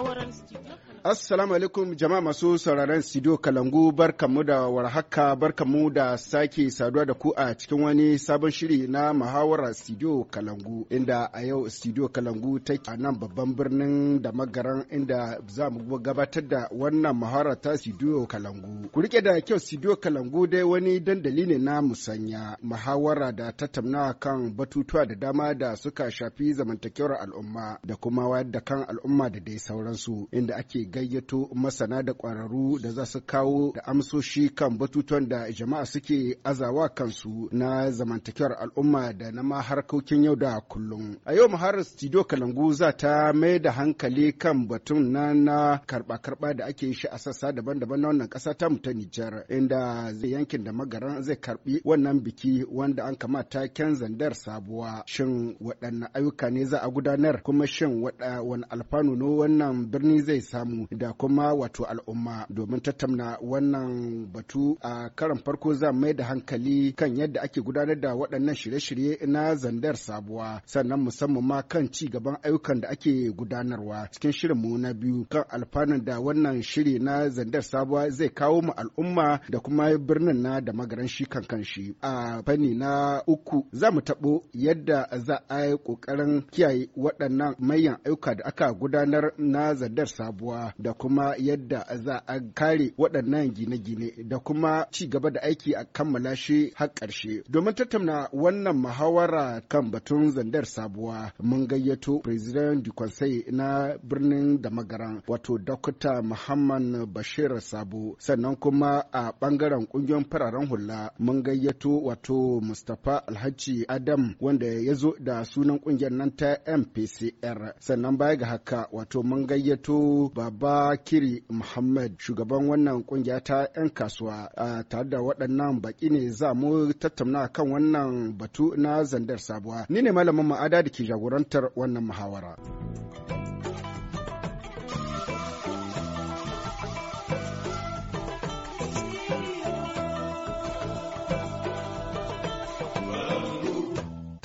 muhawarar studio Assalamu alaikum jama'a masu sauraron studio Kalangu barkamu da warhaka barkamu da sake saduwa da ku a cikin wani sabon shiri na muhawarar studio Kalangu inda a yau studio Kalangu ta a nan babban birnin da magaran inda za mu gabatar da wannan muhawarar ta studio Kalangu. Ku rike da kyau studio Kalangu dai wani dandali ne na musanya muhawara da ta tamna kan batutuwa da dama da suka shafi zamantakewar al'umma da kuma wayar da kan al'umma da dai sauran sauransu inda ake gayyato masana da kwararru da za su kawo da amsoshi kan batutuwan da jama'a suke azawa kansu na zamantakewar al'umma da na ma harkokin yau da kullum. A yau maharar Studio Kalangu za ta mai da hankali kan batun na na karɓa-karɓa da ake shi a sassa daban-daban na wannan ƙasa ta ta Nijar inda zai yankin da magaran zai karɓi wannan biki wanda an kamata ken zandar sabuwa. Shin waɗanne ayyuka ne za a gudanar kuma shin wani alfanu ne wannan wannan birni zai samu da kuma wato al'umma domin tattauna wannan batu a karan farko za mai da hankali kan yadda ake gudanar da waɗannan shirye-shirye na zandar sabuwa sannan musamman ma kan ci gaban ayyukan da ake gudanarwa cikin shirin mu na biyu kan alfanun da wannan shiri na zandar sabuwa zai kawo mu al'umma da kuma birnin na da magaran shi kan kan a fanni na uku za mu taɓo yadda za a yi ƙoƙarin kiyaye waɗannan manyan ayyuka da aka gudanar na na zandar sabuwa da kuma yadda za a kare waɗannan gine-gine da kuma ci gaba da aiki a kammala shi har ƙarshe. Domin tattauna wannan muhawara kan batun zandar sabuwa mun gayyato President du Conseil na birnin da magaran wato Dokta Muhammad Bashir Sabo sannan kuma a ɓangaren ƙungiyar fararen hula mun gayyato wato Mustapha Alhaji Adam wanda ya zo da sunan ƙungiyar nan ta MPCR sannan baya ga haka wato mun gayyato Baba Kiri Muhammad shugaban wannan kungiya ta 'yan kasuwa tare da waɗannan baƙi ne za mu tattauna kan wannan batu na zandar sabuwa. Ni ne malamin ma'ada da ke jagorantar wannan muhawara.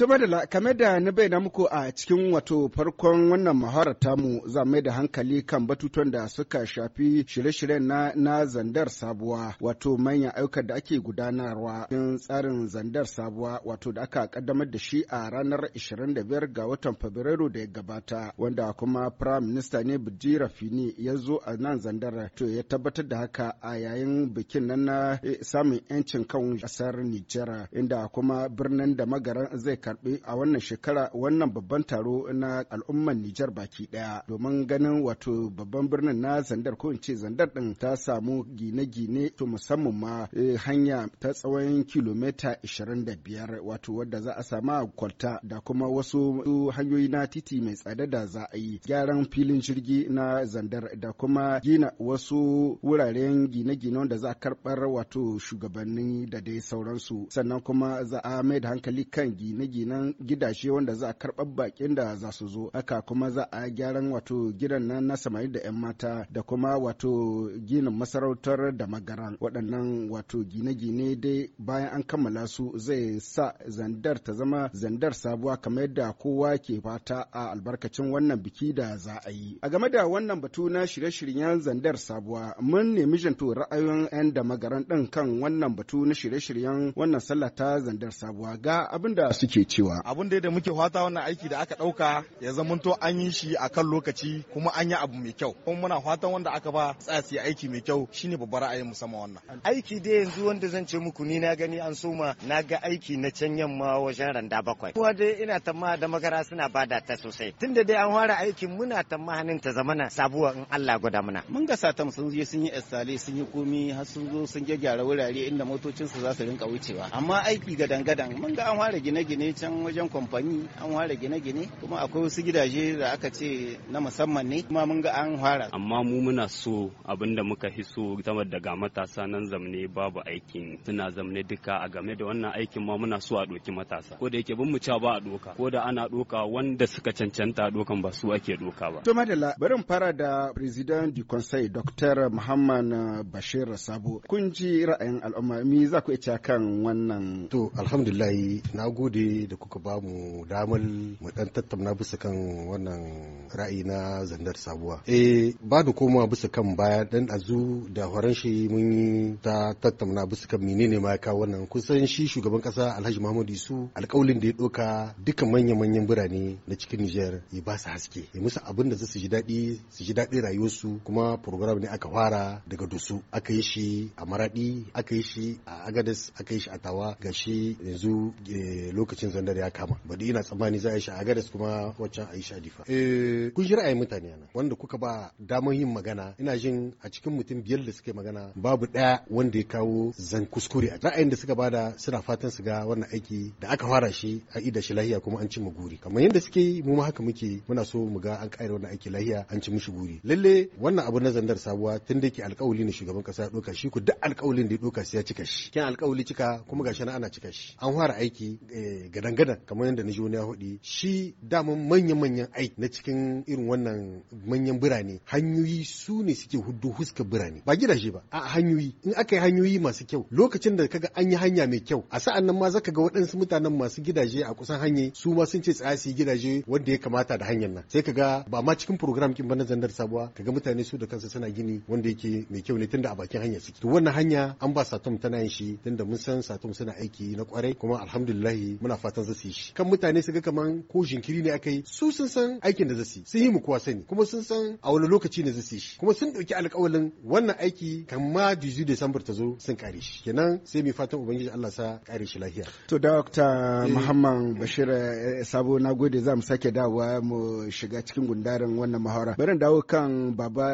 madala kame da na bayyana muku a cikin wato farkon wannan muhawarar tamu za mai da hankali kan batutuwan da suka shafi shirye-shiryen na, na zandar sabuwa wato manyan ayyukan da ake gudanarwa cikin tsarin zandar sabuwa wato da aka kaddamar da shi a ranar 25 ga watan Fabrairu da ya gabata wanda kuma Prime Minister ne Biji Rafini ya zo a nan zandar to ya tabbatar da haka a yayin bikin nan na eh, samun 'yancin kan kasar Nijar inda kuma birnin da magaran zai karbi a wannan shekara wannan babban taro na al'umman Nijar baki daya domin ganin wato babban birnin na Zandar ko in ce Zandar din ta samu gine-gine to musamman ma eh, hanya ta tsawon kilomita 25 wato wadda za a a kwalta da kuma wasu hanyoyi na titi mai tsada da za a yi gyaran filin jirgi na Zandar da kuma gina wasu wuraren gine-gine wanda za a karbar wato shugabanni da dai sauransu sannan kuma za a mai da hankali kan gine-gine nan gidashe wanda za a karɓar bakin da za su zo haka kuma za a gyaran wato gidan nan na samari da 'yan mata da kuma wato ginin masarautar da magaran waɗannan wato gine-gine dai bayan an kammala su zai sa zandar ta zama zandar sabuwa kamar yadda kowa ke fata a albarkacin wannan biki da za a yi a game da wannan batu na shirye-shiryen zandar sabuwa mun nemi janto ra'ayoyin 'yan da magaran ɗin kan wannan batu na shirye-shiryen wannan sallah ta zandar sabuwa ga abin da suke cewa Abin da da muke fata wannan aiki da aka ɗauka ya zamanto an yi shi a kan lokaci kuma an yi abu mai kyau kuma muna fatan wanda aka ba tsasi aiki mai kyau shine babbar ra'ayin mu sama wannan aiki da yanzu wanda zan ce muku ni na gani an soma na ga aiki na can yamma wajen randa bakwai kuma dai ina tamma da magara suna bada ta sosai tunda dai an fara aikin muna tamma hannun ta zamana sabuwa in Allah gwada muna mun ga satam sun je sun yi estale sun yi komi har sun zo sun gyara wurare inda motocin su za su rinka wucewa amma aiki ga dangadan mun ga an fara gine-gine can wajen kwamfani an fara gine-gine kuma akwai wasu gidaje da aka ce na musamman ne kuma mun ga an fara amma mu muna so abin da muka fi so zama daga matasa nan zamne babu aikin suna zamne duka a game da wannan aikin ma muna so a ɗoki matasa ko da yake bin mu ca ba a ɗoka ko da ana doka wanda suka cancanta ɗokan ba su ake doka ba to madalla bari mu fara da president du conseil dr muhammad bashir sabo kun ji ra'ayin al'umma mi za ku kan wannan to alhamdulillah na gode da kuka ba mu damar mu dan tattauna bisa kan wannan ra'ayi na zandar sabuwa. Eh ba da koma bisa kan baya dan azu da horon shi mun ta tattauna bisa kan menene ma ka wannan kusan shi shugaban kasa Alhaji Muhammadu Isu alƙawlin da ya doka duka manya-manyan birane na cikin Nijar ya ba su haske ya musu abin da su ji daɗi su ji daɗin rayuwarsu kuma program ne aka fara daga dusu aka yi shi a maradi aka yi shi a agadas aka yi shi a tawa ga shi yanzu eh, lokacin aikin zandar ya kama da ina tsammani za a yi shi gadas kuma waccan a yi sha a difa eh, eh kun ra'ayin mutane nan wanda kuka ba damar yin magana ina jin a cikin mutum biyar da suke magana babu ɗaya wanda ya kawo zan kuskure a ra'ayin da suka bada suna fatan su ga wannan aiki da aka fara shi a ida shi lahiya kuma an ci mu guri kamar yadda suke mu ma haka muke muna so mu ga an ƙara wannan aiki lahiya an ci mushi guri lalle wannan abu na zandar sabuwa tun da yake alkawali ne shugaban kasa ya ɗauka shi ku duk alkawalin da ya doka sai ya cika shi kin cika kuma gashi na ana cika shi an fara aiki ga eh, gadan-gadan kamar yadda na juna hudi shi daman manya-manyan aiki na cikin irin wannan manyan birane hanyoyi su ne suke hudu huska birane ba gidaje ba a hanyoyi in aka yi hanyoyi masu kyau lokacin da kaga an yi hanya mai kyau a sa'an nan ma zaka ga waɗansu mutanen masu gidaje a kusan hanya su ma sun ce tsaya su gidaje wanda ya kamata da hanyar nan sai ka ga ba ma cikin program kin bana zandar sabuwa ka ga mutane su da kansu suna gini wanda yake mai kyau ne tunda a bakin hanyar suke to wannan hanya an ba satum tana yin shi tunda mun san satum suna aiki na kwarai kuma alhamdulillah muna fata fatan zasu yi shi kan mutane su ga kaman ko jinkiri ne aka yi su sun san aikin da za su yi sun yi mu sani kuma sun san a wani lokaci ne za yi shi kuma sun ɗauki alƙawalin wannan aiki ma juju Desambar ta zo sun kare shi kenan sai mai fatan ubangiji Allah sa kare shi lafiya to Dr. Eh. Muhammad Bashir eh, Sabo na gode za mu sake dawowa mu shiga cikin gundarin wannan muhawara bari dawo kan Baba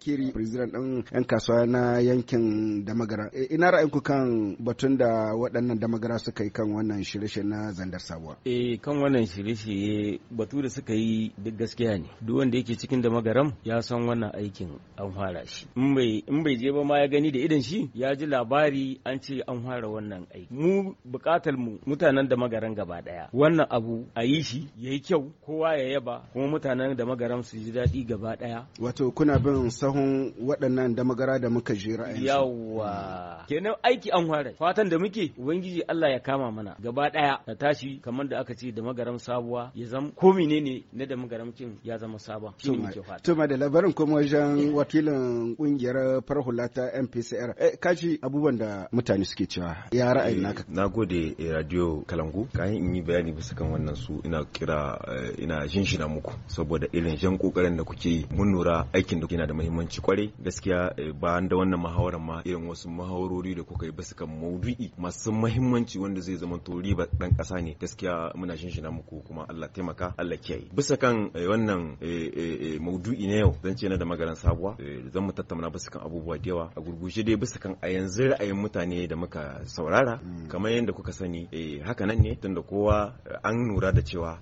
Kiri president din 'yan kasuwa na yankin Damagara eh, ina ra'ayinku kan batun da waɗannan Damagara suka yi kan wannan shirye-shirye na zandar sabuwa eh kan wannan shirye-shirye batu da suka yi duk gaskiya ne duk wanda yake cikin da magaram ya san wannan aikin an fara shi in bai in bai je ba ma ya gani da idan shi ya ji labari an ce an fara wannan aiki mu bukatar mu mutanen da magaran gaba daya wannan abu a yi shi yayi kyau kowa ya yaba kuma mutanen da magaram su ji daɗi gaba daya wato kuna bin sahun waɗannan da magara da muka je ra'ayin Yawwa. kenan aiki an fara fatan da muke ubangiji Allah ya kama mana gaba daya tashi kamar da aka ce da magaram sabuwa ya zama ko menene na da magaramcin ya zama sabon shi ne muke fata tuma da labarin kuma wajen wakilin kungiyar farhula ta MPCR eh kaji abubuwan da mutane suke cewa ya ra'ayin naka eh, nagode eh, radio Kalangu kayan in yi bayani bisa kan wannan su ina kira eh, ina shinshina muku saboda irin jan kokarin da kuke yi mun lura aikin da yana da muhimmanci kwarai gaskiya bayan da wannan mahawarar ma irin wasu muhawarori da kuka yi bisa kan maudu'i masu muhimmanci wanda zai zama to riba dan kasa wasa ne gaskiya muna shinshina muku kuma Allah taimaka Allah kiyaye bisa kan eh, wannan eh, eh, maudu'i na yau zan ce na da magaran sabuwa zan mu tattauna bisa kan abubuwa da yawa a gurguje dai bisa kan a yanzu ra'ayin mutane da muka saurara hmm. kamar yadda kuka sani haka nan ne tunda kowa an nura da cewa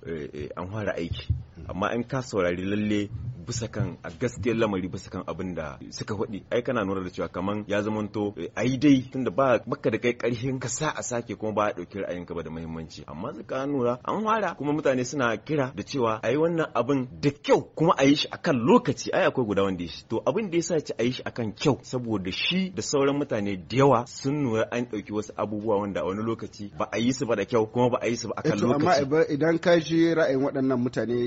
an fara aiki hmm. amma in ka saurari lalle bisa kan a gaskiyar lamari bisa kan abin da suka faɗi ai kana nuna da cewa kaman ya zamanto eh, ai dai tunda ba baka da kai karhin ka sa a sake kuma ba a ɗauki ra'ayinka ba da muhimmanci amma suka nuna an fara kuma mutane suna kira da cewa ai wannan abin da kyau kuma a yi shi akan lokaci ai akwai guda wanda shi to abin da ya ci a yi shi akan kyau saboda shi da sauran mutane da yawa sun nura an ɗauki wasu abubuwa wanda a wani lokaci ba a yi su ba da kyau kuma ba a yi su ba akan eh, lokaci amma idan ka ji ra'ayin waɗannan mutane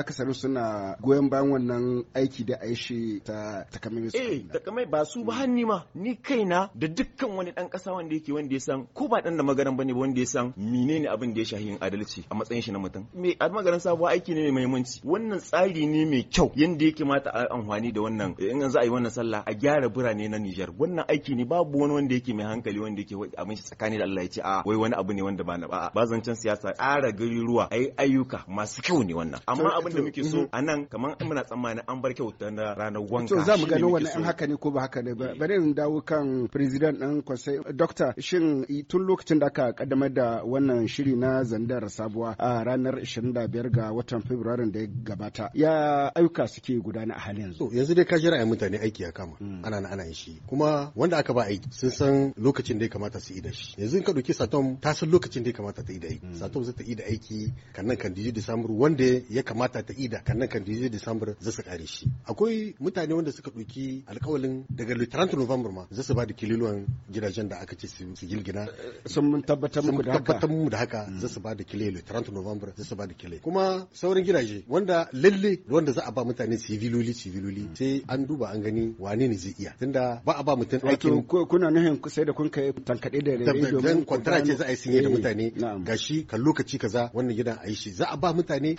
akasarin suna goyon bayan wannan aiki da aishi ta takamai eh takamai ba su ba mm. hanni ma ni kaina da dukkan wani dan kasa wanda yake wanda ya san ko ba dan da magaran bane ba wanda ya san menene abin da ya shahi adalci a matsayin shi na mutum me magaran sabuwa aiki ne mai muhimmanci wannan tsari ne mai kyau yanda yake mata a amfani da wannan eh, in za a yi wannan sallah a gyara birane na Nijar wannan aiki ne babu wani wanda yake mai hankali wanda yake abin shi tsakani da Allah ya ce a ah, wai wani abu ne wanda ba na ba ba zancen siyasa ƙara gari ruwa ayi ayyuka masu kyau ne wannan amma abin da muke so mhm. a nan kamar muna tsammanin an bar kyauta na ranar wanka ne za mu gani wani in haka ne ko ba haka ne ba eh. bari in dawo kan president ɗin kwasai doctor shin tun lokacin da aka kaddamar da wannan shiri na zandar sabuwa a ranar 25 ga watan fabrairun da ya gabata ya ayyuka suke gudana a halin yanzu yanzu dai ka jira ai mutane aiki ya kama hmm. ana na ana shi kuma wanda aka ba aiki sun san lokacin da ya kamata su yi da shi yanzu in ka dauki satom ta san lokacin da ya kamata ta yi da aiki hmm. satom zai ta yi da aiki kannan kan da disambar wanda ya kamata ta yi da kannan kan dijo disambar September za su kare shi akwai mutane wanda suka ɗauki alkawalin daga Lieutenant November ma za su ba da kililuwan gidajen da aka ce su gilgina sun mun tabbatar mu da haka sun mu da haka za su ba da kile Lieutenant November za su ba da kile kuma sauran gidaje wanda lalle wanda za a ba mutane civiloli civiloli hmm. sai an duba an gani wane ne zai iya tunda ba a ba mutum aikin kuna nuhin sai da kun kai tankaɗe da rai domin kwantara ce za a yi sinye da eh, mutane gashi kan lokaci kaza wannan gidan a yi shi za a ba mutane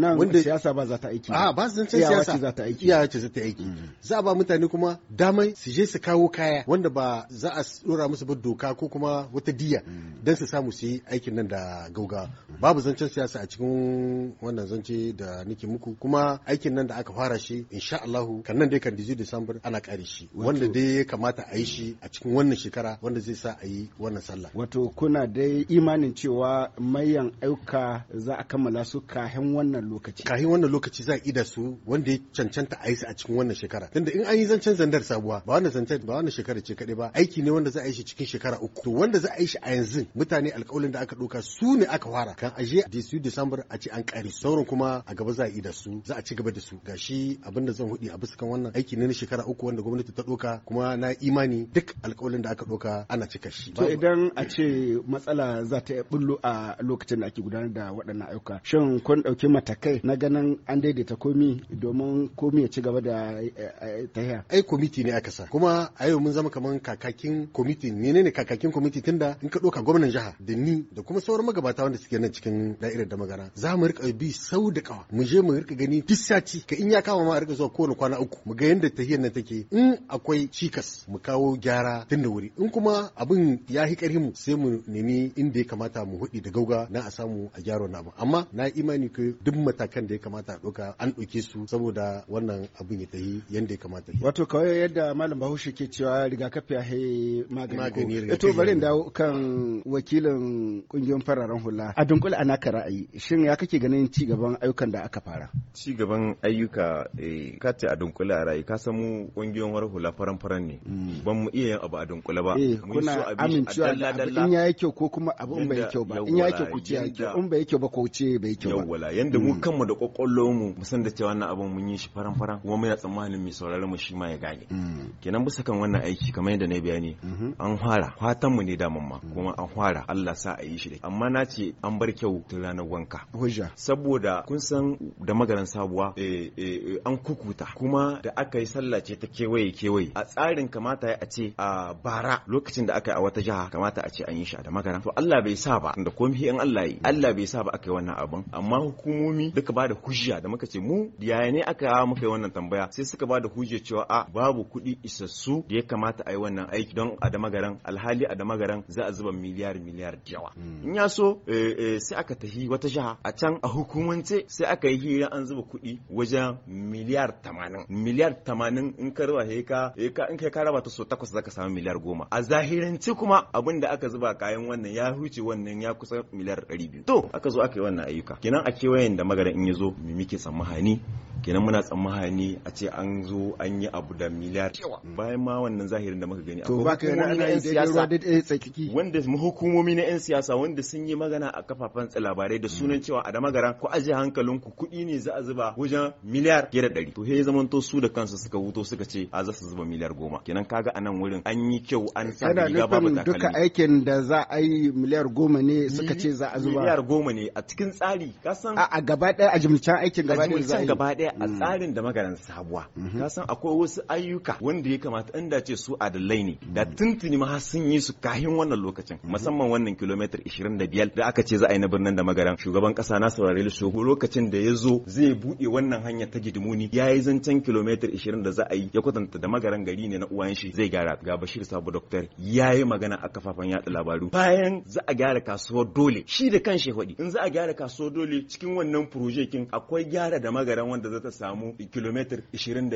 a wanda siyasa ba za ta aiki a ba su zancen siyasa za ta aiki iyawa ce za ta aiki mm. za a ba mutane kuma damai su je su kawo kaya wanda ba za a dora musu ba doka ko kuma wata diya mm. don su samu su yi aikin nan da gauga mm. babu zancen siyasa a cikin wannan zance da nake muku kuma aikin nan da aka fara shi insha Allahu kan nan dai kan 18 Disambar ana kare shi wanda dai ya kamata a yi shi a cikin wannan shekara wanda zai sa a yi wannan sallah wato kuna dai imanin cewa mayan ayyuka za a kammala su kahin wannan lokaci kahin wannan lokaci za a da su wanda ya cancanta a yi su a cikin wannan shekara tunda in an yi zancen zandar sabuwa ba wannan zancen ba wannan shekara ce kaɗai ba aiki ne wanda za a yi shi cikin shekara uku to wanda za a yi shi a yanzu mutane alƙawalin da aka ɗauka su ne aka fara kan aje su disambar a ce an ƙare sauran kuma a gaba za a yi da su za a ci gaba da su gashi abinda zan hudi a bisa kan wannan aiki ne na shekara uku wanda gwamnati ta ɗauka kuma na imani duk alƙawalin da aka ɗauka ana cika shi. to idan a ce matsala za ta bullo a lokacin da ake gudanar da waɗannan ayyuka shin kun ɗauki matakai na ganin an daidaita ta komi domin komi ya ci gaba da eh, eh, tahiya ai komiti ne aka sa kuma a yau mun zama kaman kakakin komiti ne ne kakakin komiti tunda in ka ɗauka gwamnan jiha da ni da kuma sauran magabata wanda suke nan cikin da'irar da magana za mu rika bi sau da kawa mu je mu rika gani duk sati ka in ya kama ma a rika zuwa kowane kwana uku mu ga yadda tahiyar nan take in akwai cikas mu kawo gyara tun da wuri in kuma abin ya hi karfi mu sai mu nemi inda ya kamata mu hudi da gauga na a samu a gyara wannan abu amma na imani ka duk matakan da ya kamata a ɗauka an ɗauke su saboda wannan abin ya tafi yadda ya kamata. Wato kawai yadda Malam Bahaushe ke cewa rigakafi a magani ko. Eh, to bari dawo kan wakilin kungiyoyin fararen hula. A dunkule ana ka ra'ayi shin ya kake ganin ci gaban ayyukan da aka fara? Ci gaban ayyuka eh, ka ce a dunkule a ra'ayi ka san mu kungiyoyin farar hula faran faran ne. Mm. Ban mu iya yin abu a dunkule ba. Eh, kuna amincewa da abu in ya yi kyau ko kuma abu in bai yi kyau ba. In ya yi kyau ku ce ya yi kyau in bai yi kyau ba ko ce bai yi kyau ba. Yawwala yanda mu mm. kanmu da kwakwallon mu san da cewa wannan abun mun yi shi faran faran kuma muna tsammanin mai sauraron mu shi ma ya gane mm. kenan bisa kan wannan aiki kamar yadda na bayani mm-hmm. an fara fatan mu ne da mamma kuma an fara Allah sa a yi shi amma na ce an bar kyau tun ranar wanka saboda kun san da magaran sabuwa eh, eh, eh, an kukuta kuma da aka yi sallah ce ta kewaye kewaye a tsarin kamata a ce a bara lokacin da aka yi a wata jiha kamata a ce an yi shi da magaran to Allah bai sa ba da komai in Allah yi Allah bai sa ba aka yi wannan abun amma hukumomi duka ba da hujja da muka ce mu yaya ne aka yawa muka yi wannan tambaya sai suka ba da hujjar cewa a babu kuɗi isassu da ya kamata a yi wannan aiki don a damagaran alhali a damagaran za a zuba miliyar miliyar jawa hmm. in ya so eh, eh, sai aka tafi wata jiha a can a hukumance sai aka yi hira an zuba kuɗi wajen miliyar tamanin miliyar tamanin in ka raba ka in ka raba ta so takwas zaka samu miliyar goma a zahiranci kuma abin da aka zuba kayan wannan ya huce wannan ya kusa miliyar ɗari biyu to aka zo aka yi wannan ayyuka kenan a kewayen da magaran in ya zo mimike muke san tsammahani kenan muna tsammahani a ce an zo an yi abu da miliyar bayan ma wannan zahirin da muka gani to baka yana ana yin siyasa eh, wanda hukumomi na yan siyasa wanda sun yi magana a kafafen labarai da sunan cewa a gara ku aje hankalinku kuɗi ne za a zuba wajen miliyar fiye da ɗari to he zaman to su da kansu suka wuto suka ce a za su zuba miliyar goma kenan kaga a nan wurin an yi kyau an sa riga babu takalmi duka aikin da za a yi miliyar goma ne suka ce za a zuba miliyar goma ne a cikin tsari kasan a gaba ɗaya a jimlacin aikin gaba ɗaya can gaba daya a mm. tsarin da magaran sabuwa mm-hmm. ka san akwai wasu ayyuka wanda ya kamata in da ce su adalai ne da mm-hmm. tuntuni ma sun yi su kahin wannan lokacin mm-hmm. musamman wannan kilomitar 25 da aka ce za a yi na birnin da magaran shugaban kasa na saurare lishogo lokacin da ya zo zai buɗe wannan hanya ta gidimuni ya yi zancen kilomitar 20 da za a yi ya kwatanta da magaran gari ne na uwan shi zai gyara ga bashir sabu doktor ya yi magana a kafafen yaɗa labaru bayan za a gyara kasuwar dole shi da kan shehwadi in za a gyara kasuwar dole cikin wannan furojekin akwai gyara da magaran wanda zata samu kilometer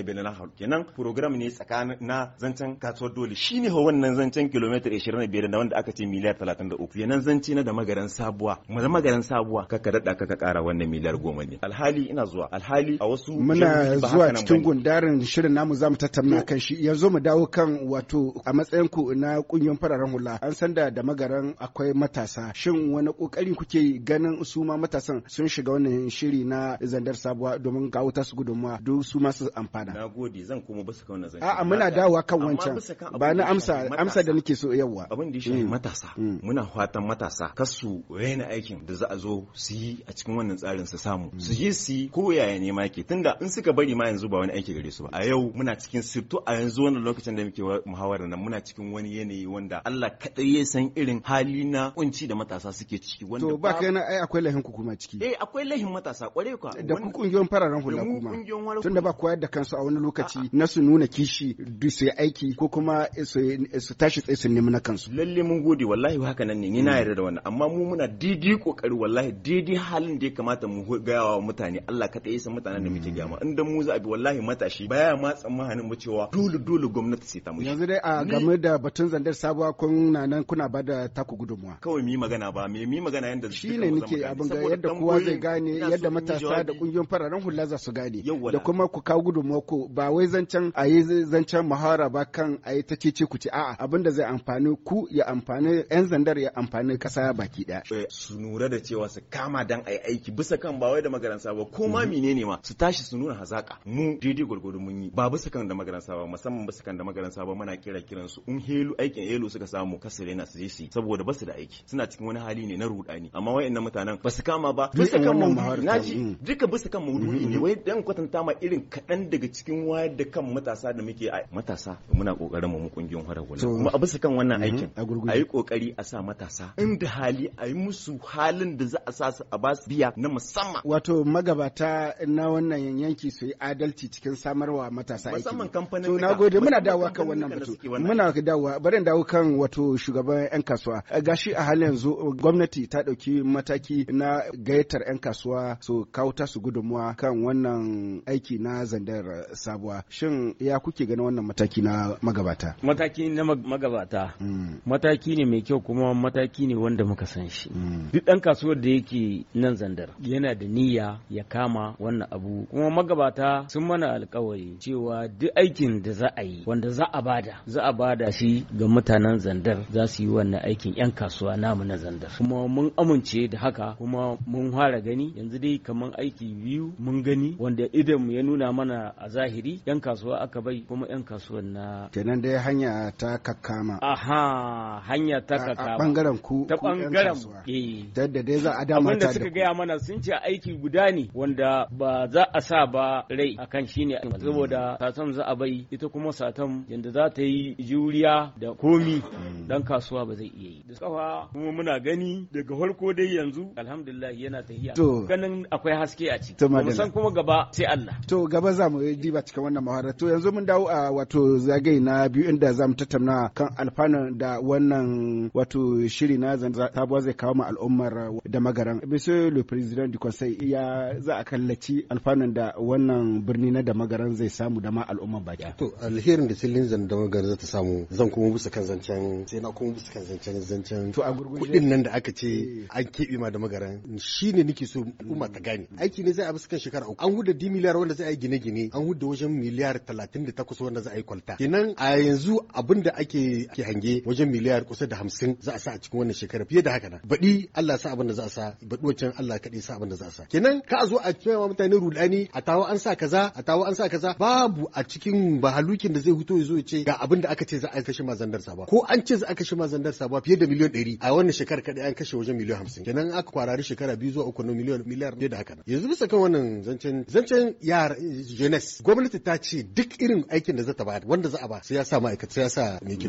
da na hau kenan program ne tsakanin na zancen kasuwar dole shine ho wannan zancen kilometer 25 da wanda aka ce miliyar 33 kenan zance na da magaran sabuwa maza magaran sabuwa kaka dada kaka kara wannan miliyar goma ne alhali ina zuwa alhali a wasu muna zuwa cikin gundarin shirin namu zamu tattauna kan shi yanzu mu dawo kan wato a matsayin ku na kungiyar fararen hula an san da da magaran akwai matasa shin wani kokari kuke ganin su ma matasan sun shiga wannan shiri na zandar sabuwa kasuwa domin kawo su gudunmuwa duk su masu amfana. Na gode zan koma bisa kan wannan zance. A'a muna dawowa kan wancan ba na amsa amsa da nake so yawwa. Abin da shi mm. matasa mm. muna fatan matasa kar su raina aikin da za a zo su yi a cikin wannan tsarin su samu mm. su je su yi ko yaya ne ma ke tunda in suka bari ma yanzu ba wani aiki gare su ba a yau muna cikin sirtu a yanzu wannan lokacin da muke muhawara nan muna cikin wani yanayi wanda Allah kadai ya san irin hali na kunci da matasa suke ciki to ba kai na ai akwai lahin ku kuma ciki eh akwai lahin matasa kware ka da ku kungiyoyin fararen hula kuma tunda ba koyar da kansu a wani lokaci na su nuna kishi su yi aiki ko kuma su tashi tsaye su nemi na kansu lalle mun gode wallahi haka nan ne ni na hmm. yarda da wannan amma mu muna didi kokari wallahi didi halin da ya kamata mu gaya wa mutane Allah ka tsaye san mutanen da muke gama inda mu za a bi wallahi matashi baya ma tsammanin mu cewa dole dole gwamnati sai ta mu. yanzu dai a game da batun zandar sabuwa kun na nan kuna ba da taku gudunmuwa kawai mi magana ba me mi magana yanda ne nake abin ga yadda kowa zai gane yadda matasa da kungiyoyin fararen hula za su gane da kuma ku kawo gudunmuwa ku ba wai zancen a yi zancen muhawara ba kan a yi ta cece ku ce a'a abin da zai amfani ku ya amfani yan zandar ya amfani kasa baki daya eh, su nura da cewa su kama dan a yi aiki bisa kan ba wai da magaransa ba ko ma mhm. menene ma su tashi su nuna hazaka mu daidai gwargwado mun yi ba bisa kan da magaransa ba musamman bisa kan da magaransa ba muna kira kiran su in helu aikin helu suka samu kasare na su je su saboda basu da aiki suna cikin wani hali ne na rudani amma wayannan mutanen ba su kama ba bisa kan mu naji mm. duka bisa kan maudu'i mhm, ne mhm. wai dan kwatanta ma irin kaɗan daga cikin wayar da kan matasa da muke a matasa muna ƙoƙarin mu kungiyoyin fara gona kuma a bisa kan wannan mhm, aikin a yi ƙoƙari a sa matasa inda hali a yi musu halin da za a sa su a ba su biya na musamman wato magabata na wannan yanki su yi adalci cikin samarwa matasa aiki musamman kamfanin to nagode muna dawowa kan wannan batu muna dawowa bari dawo kan wato shugaban yan kasuwa gashi a halin yanzu gwamnati ta dauki mataki na gayyatar yan kasuwa su kawo tasu gudunmuwa kuma kan wannan aiki na zandar sabuwa shin ya kuke gani wannan mataki na magabata mataki na magabata hmm. mataki ne mai kyau kuma mataki ne wanda muka san shi hmm. duk ɗan kasuwar da yake nan zandar yana da niyya ya kama wannan abu kuma magabata sun mana alkawari cewa duk aikin da za a yi wanda za a bada za a bada shi ga mutanen zandar za su yi wannan aikin 'yan kasuwa namu na zandar kuma mun amince da haka kuma mun fara gani yanzu dai kamar aiki biyu mun gani wanda idan ya nuna mana a zahiri yan kasuwa aka bai kuma yan kasuwan na kenan dai hanya ta kakkama aha hanya ta kakkama bangaren ku ta bangaren eh dadda dai za a dama ta da suka gaya mana sun ce aiki guda ne wanda ba za a sa ba rai akan shine saboda satam za a bai ita kuma satam yanda za ta yi juriya da komi hmm. dan kasuwa ba zai iya yi da kafa kuma muna gani daga farko dai yanzu alhamdulillah yana tahiya ganin akwai haske a ciki madalla san kuma gaba sai Allah to gaba za mu diba cikin wannan muhara to yanzu mun dawo a wato zagaye na biyu inda za mu tattauna kan alfanun da wannan wato shiri na sabuwa zai kawo ma al'ummar da magaran monsieur le president du conseil ya za a kallaci alfanun da wannan birni na da magaran zai samu da ma al'ummar baki to alherin da silin zan da magaran ta samu zan kuma bisa kan zancen sai na kuma bisa kan zancen zancen to a gurgurje kudin nan da aka ce eh. an keɓe ma da magaran shine nake so umma ta gane aiki ne zai a bisa cikin shekara uku an huda miliyar wanda za a yi gine-gine an huda wajen miliyar talatin da takwas wanda za a yi kwalta kenan a yanzu abin da ake ke hange wajen miliyar kusa da hamsin za a sa a cikin wannan shekara fiye da haka na baɗi Allah sa abin da za a sa baɗi wancan Allah kaɗai sa abin da za a sa kenan ka a zo a cewa mutane rudani a tawo an sa kaza a tawo an sa kaza babu a cikin bahalukin da zai hito ya zo ya ce ga abin da aka ce za a kashe mazandar sa ba ko an ce za a kashe mazandar sa ba fiye da miliyan ɗari a wannan shekarar kaɗai an kashe wajen miliyan hamsin kenan aka kwarari shekara biyu zuwa uku na miliyan miliyar fiye da haka yanzu bisa kan wannan wannan zancen zancen yara jeunesse gwamnati ta ce duk irin aikin da za ta bayar wanda za a ba sai ya sa ma'aikata sai ya sa ne ke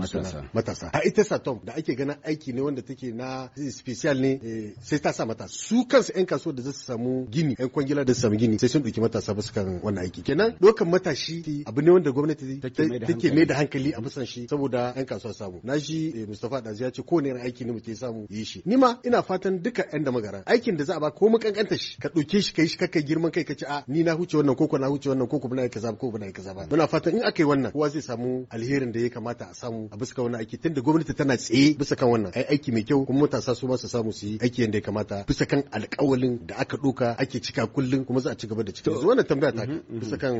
matasa a ita satom da ake ganin aiki ne wanda take na special ne eh, sai ta sa matasa su kansu yan kasuwa da za su samu gini yan kwangila da su samu gini sai sun ɗauki matasa ba su kan wannan aiki kenan dokan matashi abu ne wanda gwamnati take mai da hankali a musan shi saboda yan kasuwa samu na shi eh, Mustapha Dazi ya ce ko ne aiki ne mutum ya samu yi shi ni ma ina fatan duka yan da magara aikin da za a ba ko mu kankanta shi ka ɗauke shi ka yi shi kakka girman kai kace a ni na huce wannan koko na huce wannan koko bana kaza ko bana kaza ba muna fatan in akai wannan kowa zai samu alherin da ya kamata a samu a bisa kan wannan aiki tunda gwamnati tana tsaye bisa kan wannan ai aiki mai kyau kuma matasa su ma su samu su yi aiki yanda ya kamata bisa kan alƙawalin da aka doka ake cika kullum kuma za a ci gaba da cika yanzu wannan tambaya ta mhm, mhm. bisa kan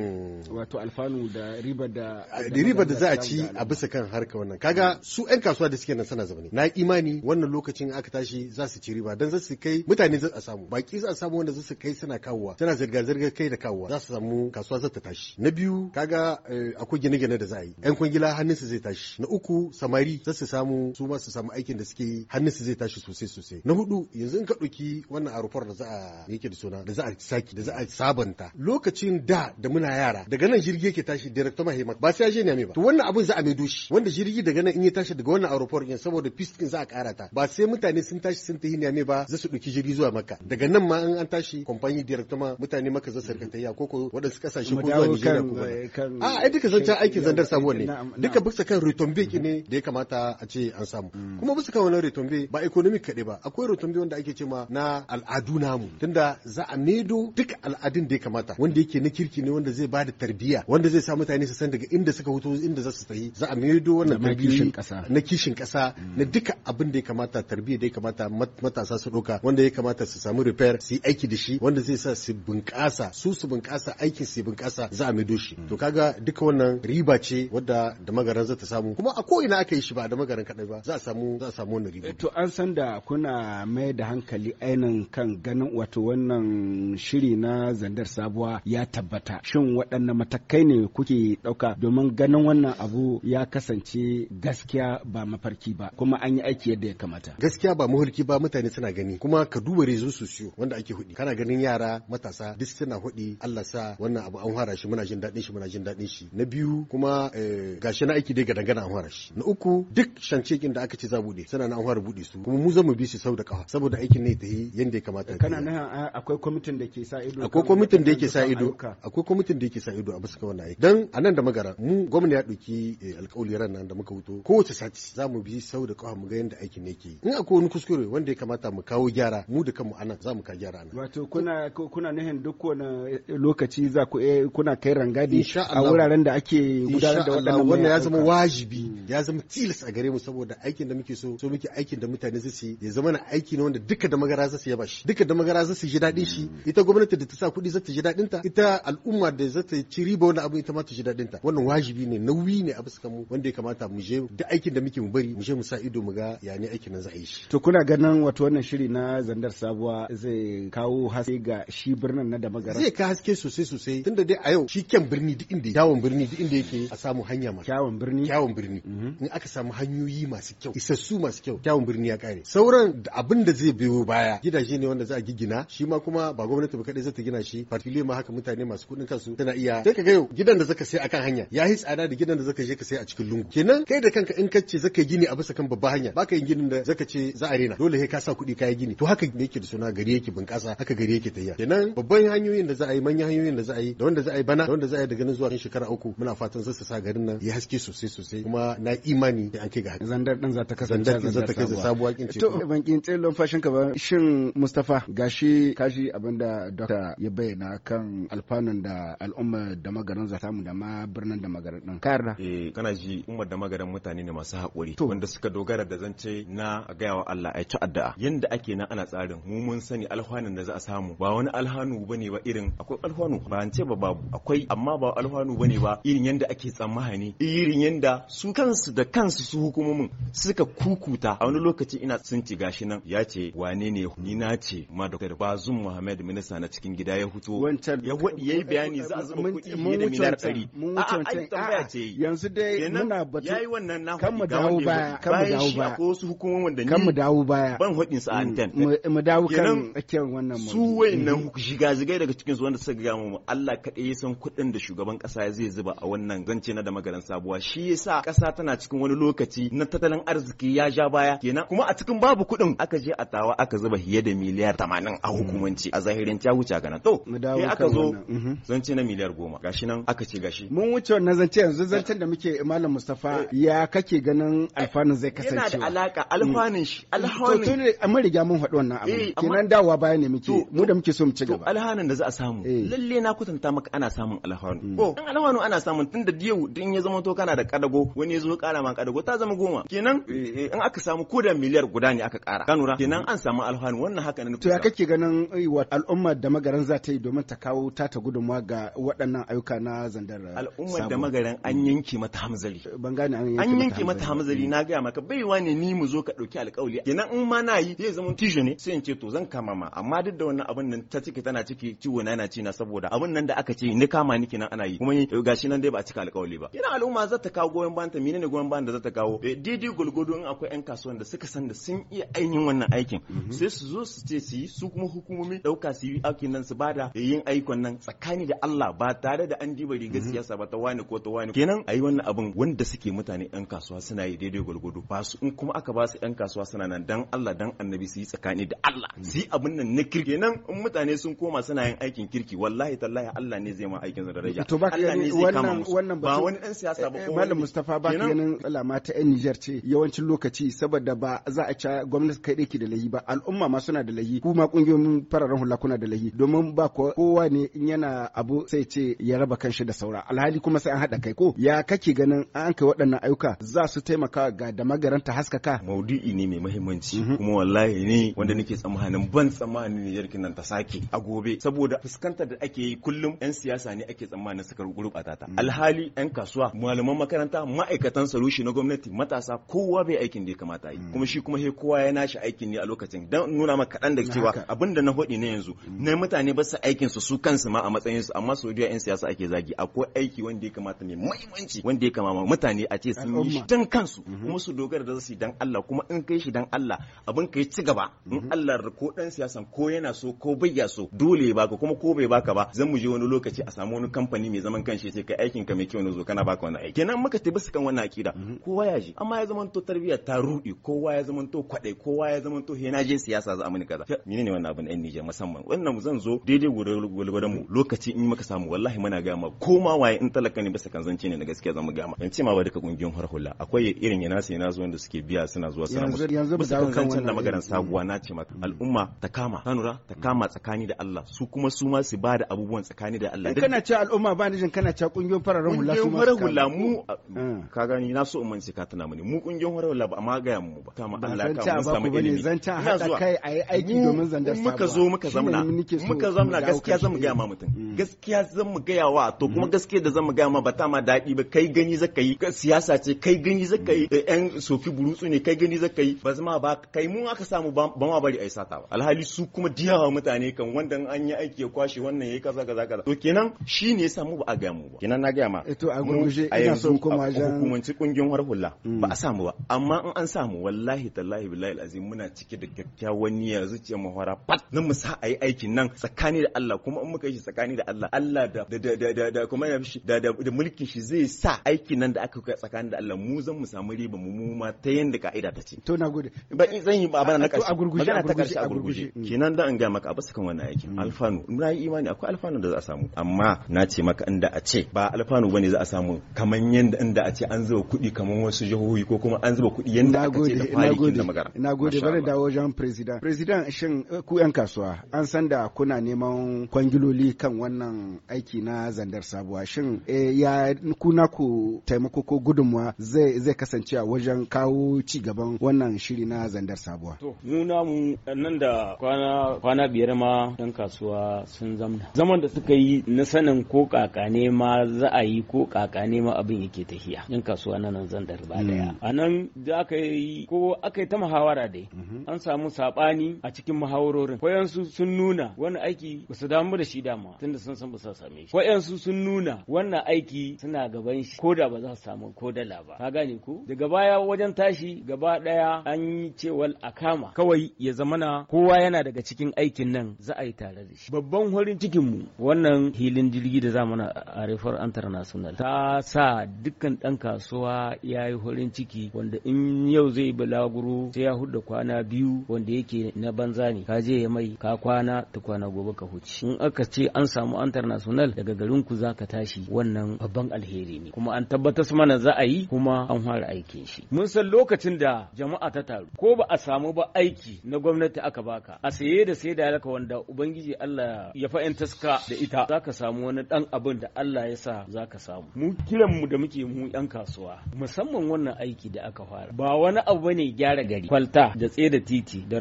wato alfanu da riba da da riba da za a ci a bisa kan harka wannan kaga su ƴan kasuwa da suke nan sana zamani na imani wannan lokacin aka tashi za su ci riba dan za su kai mutane za a samu baki za a samu wanda za su kai suna kawowa tana zirga-zirga kai da kawo za su samu kasuwa za ta tashi na biyu kaga eh, akwai gine-gine da za a yi yan kwangila hannunsu zai tashi na uku samari za su samu su ma su samu aikin da suke hannunsu zai tashi sosai sosai na hudu yanzu in ka ɗauki wannan arufar da za a yake da suna da za a saki da za a sabanta lokacin da da muna yara daga nan jirgi yake tashi director mahimman ba sai ya je ne ba to wannan abin za a mai dushi wanda jirgi daga nan in ya tashi daga wannan arufar din saboda pist din za a kara ta ba sai mutane sun tashi sun tahi ne ba za su ɗauki jirgi zuwa makka daga nan ma in an tashi kamfani director mutane maka zasu rika tayya ko ko waɗansu kasashe ko zuwa Nigeria ko eh, a ai duka zancen aikin zandar sabuwar ne duka bisa kan retombe ne da ya kamata a ce an samu hmm. kuma bisa kan wannan retombe ba economic kaɗai ba akwai retombe wanda ake ce na al'adu namu tunda za a nedo duka al'adun da ya kamata wanda yake na kirki ne wanda zai ba da tarbiyya wanda zai sa mutane su san daga inda suka huto inda za su tafi za a nedo wannan tarbiyya na kishin kasa hmm. na duka abin da ya kamata tarbiyya da ya kamata matasa su ɗauka wanda ya kamata su samu repair su yi aiki da shi wanda zai sa su bunƙasa su su bunƙasa aikin su bunƙasa za a maido shi to kaga duka wannan riba ce wadda da magaran zata samu kuma a ko ina aka yi shi ba da magaran kadai ba za a samu za a samu wannan riba to an san da kuna mai da hankali ainin kan ganin wato wannan shiri na zandar sabuwa ya tabbata shin waɗannan matakai ne kuke ɗauka domin ganin wannan abu ya kasance gaskiya ba mafarki ba kuma an yi aiki yadda ya kamata gaskiya ba mahulki ba mutane suna gani kuma ka duba rezo siyo wanda ake hudi kana ganin yara mata matasa duk suna hudi Allah sa wannan abu an fara shi muna jin daɗin shi muna jin daɗin shi na biyu kuma eh, gashi na aiki dai ga dangana an fara shi na uku duk shancekin da aka ce za bude suna na an fara bude su kuma mu zamu bi su sau da kafa saboda aikin ne ta yi yanda ya kamata kana nan akwai kwamitin da ke sa ido akwai kwamitin da yake sa ido akwai kwamitin da yake sa ido a bisa wannan aiki dan anan da magara mu gwamnati ya dauki eh, alƙawari ran nan da muka wuto kowace sati za mu bi sau da kafa mu ga yanda aikin ne ke in akwai wani kuskure wanda ya kamata mu kawo gyara mu da kanmu anan za mu ka gyara anan wato kuna kuna ainihin duk wani eh, lokaci za ku eh, kuna kai rangadi a wuraren da ake gudanar da wadannan wannan ya zama wajibi ya zama tilas a gare mu saboda aikin da muke so so muke aikin da mutane su yi ya zama na aiki ne wanda duka da magara za su yaba shi duka da magara za su ji dadin shi ita gwamnati da ta sa kuɗi za ta ji dadin ta ita al'umma da za ta ci riba wannan abu ita ma ta ji dadin ta wannan wajibi ne nauyi ne a bisa mu wanda ya kamata mu je da aikin da muke mu bari mu je mu sa ido mu ga ya ne aikin nan za a yi shi to kuna ganin wato wannan shiri na zandar sabuwa zai kawo hasi ga shi birnin na da magara zai ka haske sosai sosai tunda dai a yau shi kyan birni duk inda kyawun birni duk inda yake a samu hanya ma kyawun birni kyawun birni mhm. in aka samu hanyoyi masu kyau isassu masu kyau kyawun birni ya kare sauran abin da zai biyo baya gidaje ne wanda za a gigina shi ma kuma ba gwamnati ba kadai za ta gina shi particularly ma haka mutane masu kuɗin kansu tana iya sai ka ga yau gidan da zaka sai akan hanya ya yi tsada da gidan da zaka je ka sai a cikin lungu kenan kai da kanka in ka ce zaka gini a bisa kan babban hanya baka yin ginin da zaka ce za a rena dole sai ka sa kuɗi ka yi gini to haka ne yake da suna gari yake bunƙasa haka gari yake tayya kenan babban hanyoyin da za a yi manyan hanyoyin da za a yi da wanda za a yi bana da wanda za a yi daga nan zuwa shekara uku muna fatan zai sa garin nan ya haske sosai sosai kuma na imani da an kai ga zandar din za ta kasance zandar za ta kasance sabuwa kin ce to ban kin tsaye lumfashin ka ba shin Mustafa gashi kashi abinda dokta ya bayyana kan alfanun da al'umma da magaran za ta mu da ma birnin da magaran din ka yarda eh kana ji ummar da magaran mutane ne masu haƙuri wanda suka dogara da zance na gayawa Allah ai ci addu'a yanda ake nan ana tsarin mu mun sani alfanun da za a samu ba wani alhanu alfanu bane ba irin akwai alhanu ba an ce ba babu akwai amma ba alfanu bane ba irin yanda ake tsammani irin yanda su kansu da kansu su hukumomin suka kukuta a wani lokaci ina sun ci gashi nan ya ce wane ne ni na ce ma da bazum muhammad minista na cikin gida ya huto wancan ya wadi yayi bayani za a zuba kuɗi fiye da miliyar ɗari a tambaya yanzu dai muna batu yayi wannan na kan mu dawo baya kan mu dawo baya ko su hukumomin da ni kan mu dawo baya ban hudin sa anten mm, mu dawo kan tsakiyar wannan su wayannan mm. Zigazigai daga cikin su wanda suka gaya mu Allah kaɗai ya san kuɗin da shugaban ƙasa zai zuba a wannan zance na da magaran sabuwa shi yasa ƙasa tana cikin wani lokaci na tattalin arziki ya ja baya kenan kuma a cikin babu kuɗin aka je a tawa aka zuba fiye da miliyar 80 a hukumanci a zahirin ta wuce nan to sai aka zo mhm. zance na miliyar 10 gashi nan aka ce gashi mun wuce wannan zance yanzu zancen da muke malam Mustafa eh. ya kake ganin alfanun zai kasance yana da alaka alfanun shi alhawani mm. to tun mun riga mun faɗi wannan abu eh, kenan dawowa baya ne muke mu da muke so mu ci gaba ba alhanan da za a samu eh. lalle na kwatanta maka ana samun alhanu ko mm. oh. an alhanu ana samun tun da yau din ya zama to kana da kadago wani ya zo kara ma kadago ta zama goma kenan eh, eh, in aka samu ko da miliyar guda ne aka kara kanura kenan an samu alhanu wannan haka ne to ya kake ganin al'umma da magaran za ta yi domin ta kawo ta ta gudunmuwa ga waɗannan ayyuka na zandar al'umma da magaran an mm. yanke mata hamzali ban gane an yanke mata hamzali mm. na gaya maka bai wani ni mu zo ka dauki alƙawali kenan in ma na yi zai zama tijo ne sai in ce to zan kama ma amma duk da wannan abin nan ta cike tana ciki ciwo na yana ci na saboda abin nan da aka ce ni kama ni kenan ana yi kuma gashi nan dai ba a cika alƙawari ba ina al'umma za ta kawo goyon bayan ta menene goyon bayan da za ta kawo eh, didi gulgudu in akwai yan kasuwan da suka san da sun iya ainihin wannan aikin mhm. sai su zo su ce su yi su kuma hukumomi dauka su yi aikin nan su bada yin aikon nan tsakani da Allah ba tare da an diba rigar mhm. siyasa ba ta wani ko ta wani kenan ayi wannan abin wanda suke mutane yan kasuwa suna yi daidai gulgudu ba su in kuma aka ba su yan kasuwa suna nan dan Allah dan annabi su yi tsakani da Allah mhm. su yi abin nan na kirke kenan in mutane sun koma suna yin aikin kirki wallahi tallahi Allah ne zai ma aikin sa daraja Allah ne zai kama ba wani dan siyasa eh, ganin alama ta yan Niger ce yawancin lokaci saboda ba za a ci gwamnati kai dake da lahi ba al'umma ma suna da lahi kuma kungiyoyin fararen hula kuna da lahi domin ba kowa ne in yana abu sai ce ya raba kanshi da saura alhali kuma sai an hada kai ko ya kake ganin an kai waɗannan ayyuka za su taimaka ga da magaranta haskaka maudu'i ne mai muhimmanci mhm. kuma wallahi ne wanda nake tsammanin ban tsammanin yarkin nan ta sake gobe saboda fuskantar da ake yi kullum 'yan siyasa ne ake tsammanin suka gurɓata ta mm. alhali 'yan kasuwa malaman makaranta ma'aikatan saloshi na gwamnati matasa kowa bai aikin da ya kamata yi mm. kuma shi kuma he kowa ya nashi aikin ne a lokacin dan nuna maka kaɗan da cewa abin da na hodi ne yanzu mm. na mutane ba su aikin su su kansu ma a matsayin su amma sojoji 'yan siyasa ake zagi akwai aiki wanda ya kamata ne muhimmanci wanda ya kamata mutane a ce sun yi dan kansu mm-hmm. kuma su dogara da su dan Allah kuma in kai shi dan Allah abin kai ci gaba in mm-hmm. Allah ko dan siyasan ko yana so ko bai ya so dole ya baka kuma ko bai baka ba zan mu je wani lokaci a samu wani kamfani mai zaman kanshi sai kai aikin ka mai kyau ne zo kana baka wani aiki kenan muka tafi su kan wannan akida mhm. kowa ya ji amma ya zaman to tarbiyya ta rudi kowa ya zaman to kwadai kowa ya zaman to hena je siyasa za a muni kaza menene wannan abin ɗan Nijar musamman wannan zan zo daidai gurgurdan mu lokaci in muka samu wallahi muna ga ma koma waye in talaka ne bisa kan zance ne na gaskiya zamu ga ma in ce ma ba duka kungiyoyin harhula akwai irin yana sai na zo wanda suke biya suna zuwa suna musu bisa kan zancen da maganar sabuwa na ce maka mm. al'umma ta kama ta nura ta kama tsakani da Allah Allah su kuma su ma su ba da abubuwan tsakani da Allah. kana ce al'umma ba nijin kana ce kungiyoyin fararen hula su ma. su mu ah. ka gani na so umman man ka tana mani mu kungiyoyin fararen hula ba ga magaya mu ba. ma Allah ka mun samu ilimi. zan a haɗa kai a yi aiki domin zanjar sabuwa. Muka zo muka zamna muka zamna gaskiya zan mu gaya ma mutum. Mm. Gaskiya zan mu gaya wa to kuma mm. gaskiya da zan mu gaya ma ba ta ma daɗi ba kai gani zaka yi siyasa ce kai gani zaka yi yan mm. soki burutsu ne kai gani zaka yi ba zama ba kai mun aka samu ba ma bari a yi sata ba. Alhali su kuma diyawa mutane kan wanda idan an yi aiki ya kwashe wannan yi kaza kaza kaza to kenan shi ne ya samu ba a gaya mu ba kenan na gaya ma eh, to a gurguje ina son koma jan hukumanci kungiyar harhulla hmm. ba a samu ba amma in an samu wallahi tallahi billahi alazim muna cike da kyakkyawan niyya zuciya mu fara pat nan mu sa ayi aikin nan tsakani da Allah kuma in muka yi shi tsakani da Allah Allah da da da da kuma ya shi da da mulkin shi zai sa aikin nan da aka kai tsakani da Allah mu zan mu samu riba mu mu ma ta yanda ka'ida ta ce to gode ba zan yi ba bana na kashi a gurguje a gurguje hmm. kenan da an ga maka abu sukan wannan aikin Mm. alfanu na yi imani akwai alfanu da za a samu amma na ce maka inda a ce ba alfanu bane za a samu kamar yanda inda a ce an zuba kuɗi kamar wasu jihohi ko kuma an zuba kuɗi yanda aka ce da falikin da magana na gode bari dawo wajen president president shin eh, ku yan kasuwa an san da kuna neman kwangiloli kan wannan aiki na zandar sabuwa shin eh, ya kuna ku taimako ko gudunmuwa zai zai kasance a wajen kawo ci gaban wannan shiri na zandar sabuwa to mu namu nan da kwana kwana biyar ma 'yan kasuwa sun zamna zaman da suka yi na sanin ko kaka ne ma za a yi ko kaka ne ma abin yake tahiya 'yan kasuwa na nan zan ba hmm. daya a nan da aka yi ko aka yi ta muhawara dai mhm. an samu saɓani a cikin muhawarorin wayansu sun nuna wani aiki ba su damu da shi dama tunda sun san ba su same shi wayansu sun nuna wannan aiki suna gaban shi ko ba za su samu ko dala ba ka gane ko daga baya wajen tashi gaba daya an yi cewa akama kawai ya zamana kowa yana daga cikin aikin nan za a yi tare da shi babban farin cikin mu wannan hilin jirgi da zamana a rifar international ta sa dukkan ɗan kasuwa ya yi farin ciki wanda in yau zai balaguro sai ya huda kwana biyu wanda yake na banza ne ka je ya mai ka kwana ta kwana gobe ka huce in aka ce an samu international daga garin ku za ka tashi wannan babban alheri ne kuma an tabbatar mana za a yi kuma an fara aikin shi mun san lokacin da jama'a ta taru ko ba a samu ba aiki na gwamnati aka baka a saye da sai da wanda uban ubangiji Allah ya fa'in taska da ita zaka samu wani ɗan abin da Allah ya sa zaka samu mu kiran mu da muke mu yan kasuwa musamman wannan aiki da aka fara ba wani abu bane gyara gari kwalta da tsaye da titi da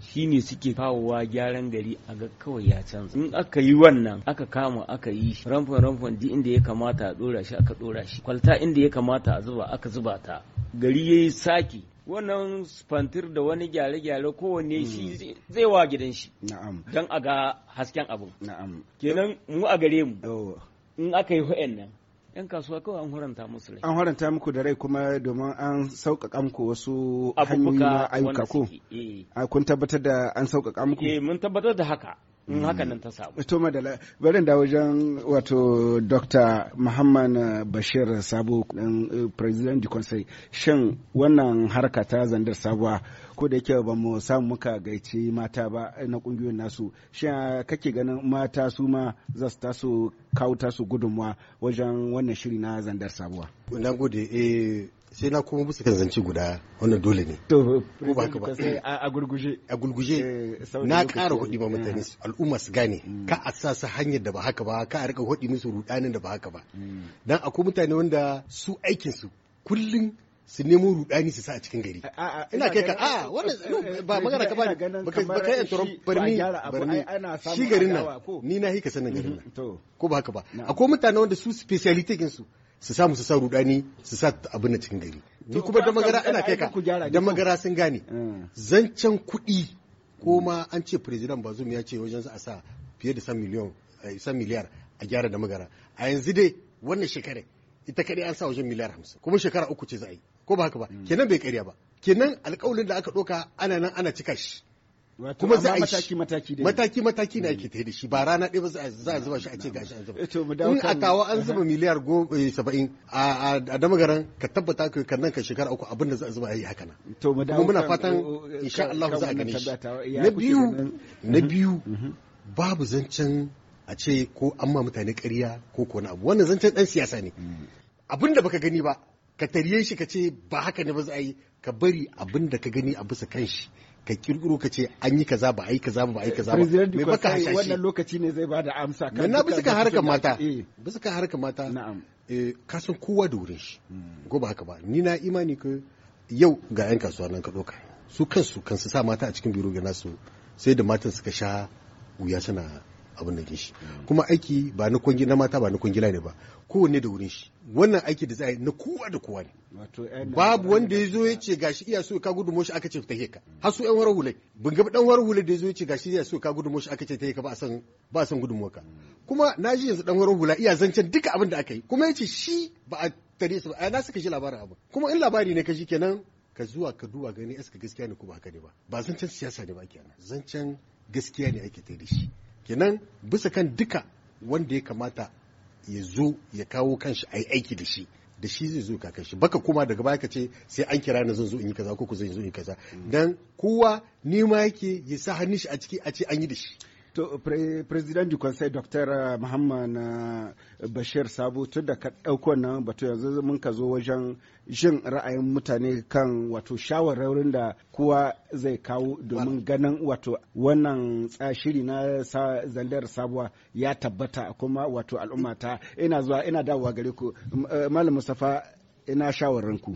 shi ne suke kawowa gyaran gari a ga kawai ya canza in aka yi wannan aka kama aka yi shi ramfan ramfan duk inda ya kamata a dora shi aka dora shi kwalta inda ya kamata a zuba aka zuba ta gari yayi saki wannan fantir da wani gyare-gyare kowanne hmm. shi zai wa gidan shi don a ga hasken abin kenan mu a gare mu oh. in aka yi hu'en nan yan kasuwa kawai an horanta musu rai an horanta muku da rai kuma domin an sauƙaƙa muku wasu hanyoyi na ayyuka ko eh. kun tabbatar da an sauƙaƙa muku eh mun tabbatar da haka in hakan nan ta samu. madala da wajen wato Dr. Muhammad eh, Bashir Sabo ɗan eh, President Conseil shin wannan harka ta zandar sabuwa ko da yake ba mu samu muka gaici mata ba eh, na kungiyoyin nasu shin kake ganin mata su ma za su taso kawo tasu gudunmuwa wajen wannan shiri na zandar sabuwa. Na gode eh sai na kuma bisa kan zance guda wannan dole ne to ko ba ba a gurguje a gurguje eh, na ƙara hudi ma mutane al'umma su gane mm. ka a sa su hanyar da ba haka ba ka a rika hudi musu rudanin da ba haka ba mm. dan akwai mutane wanda su aikin su kullun su nemo rudani su sa a cikin gari ina kai ka a ah, wannan eh, eh, ba magana ka bani ba kai tsoron barni barni shi garin nan ni na hika sanin garin mm-hmm. nan ko ba haka ba akwai mutane wanda su speciality kin su su samu su sa rudani su sa abin na cikin gari ni kuma da magara ana kai ka da magara sun gane eh. zancen kuɗi ko ma an ce president bazum ya ce wajen a sa fiye da eh, san miliyar a gyara da magara a yanzu dai wannan shekarar ita kadai an sa wajen miliyar hamsin kuma shekara uku ce za a yi ko ba haka ba hmm. kenan bai kariya ba kenan alkawalin da aka ɗauka ana nan ana cika shi kuma za a yi mataki mataki mataki mataki ne ake tayi da shi ba rana ɗaya ba za a zuba shi a ce gashi an zuba eh, in a kawo an zuba miliyar eh, saba'in a damagaran ka tabbata ka kan nan ka shekara uku abin da za a zuba yi haka na kuma muna fatan insha Allah za a gane shi na biyu na mhm. biyu mhm. babu zancen a ce ko an ma mutane ƙarya ko ko abu wannan zancen ɗan siyasa ne mm. abin da baka gani ba ka tarye shi ka ce ba haka ne ba za a yi ka bari abin da ka gani a bisa kanshi ka kirkiro ka ce an yi kaza ba a yi kaza ba ba a yi kaza ba mai baka hashashi wannan lokaci ne zai bada amsa kan na bisa ka harkar mata eh. bisa ka harkar mata na'am eh, ka kasan kowa da wurin shi hmm. ko ba haka ba ni na imani ka yau ga yan kasuwa nan ka doka su kansu kansu sa mata a cikin biro ga nasu sai da matan suka sha wuya suna abin da ke shi kuma aiki ba na kungi na mata ba na kungila ne ba kowanne da wurin shi wannan aiki da za a yi na kowa da kowa ne babu wanda ya zo ya ce gashi iya so ka gudu moshi aka ce ta ka har su yan wara hulai bin ga dan wara hulai da ya zo ya ce gashi iya so ka gudu moshi aka ce ta ka ba a san gudu moka kuma na ji yanzu dan wara hula iya zancen duka abin da aka yi kuma ya ce shi ba a tare su ba na suka ji labarin abu kuma in labari ne ka shi kenan ka zuwa ka duwa gani iska gaskiya ne ko ba haka ne ba ba zancen siyasa ne ba kenan zancen gaskiya ne ake tare shi kenan bisa kan duka wanda ya kamata ya zo ya kawo kanshi a yi aiki da shi da shi zai zo kakan shi baka kuma daga baya kace ce sai an kira na zan zo in yi kaza ko ku zan zo in yi kaza mm. dan kowa nima yake ya sa hannun shi a ciki a ce an yi da shi To, President du Conseil Dr. Eh, Muhammad eh, Bashir Sabo tun da ka ɗauko nan batu yanzu mun ka zo wajen jin ra'ayin mutane kan wato shawarwarin da kowa zai kawo domin ganin wato wannan shiri na sa, zandar sabuwa ya tabbata kuma wato al'umma ta ina zuwa ina dawowa gare ku. Eh, Malam Mustapha ina shawarin ku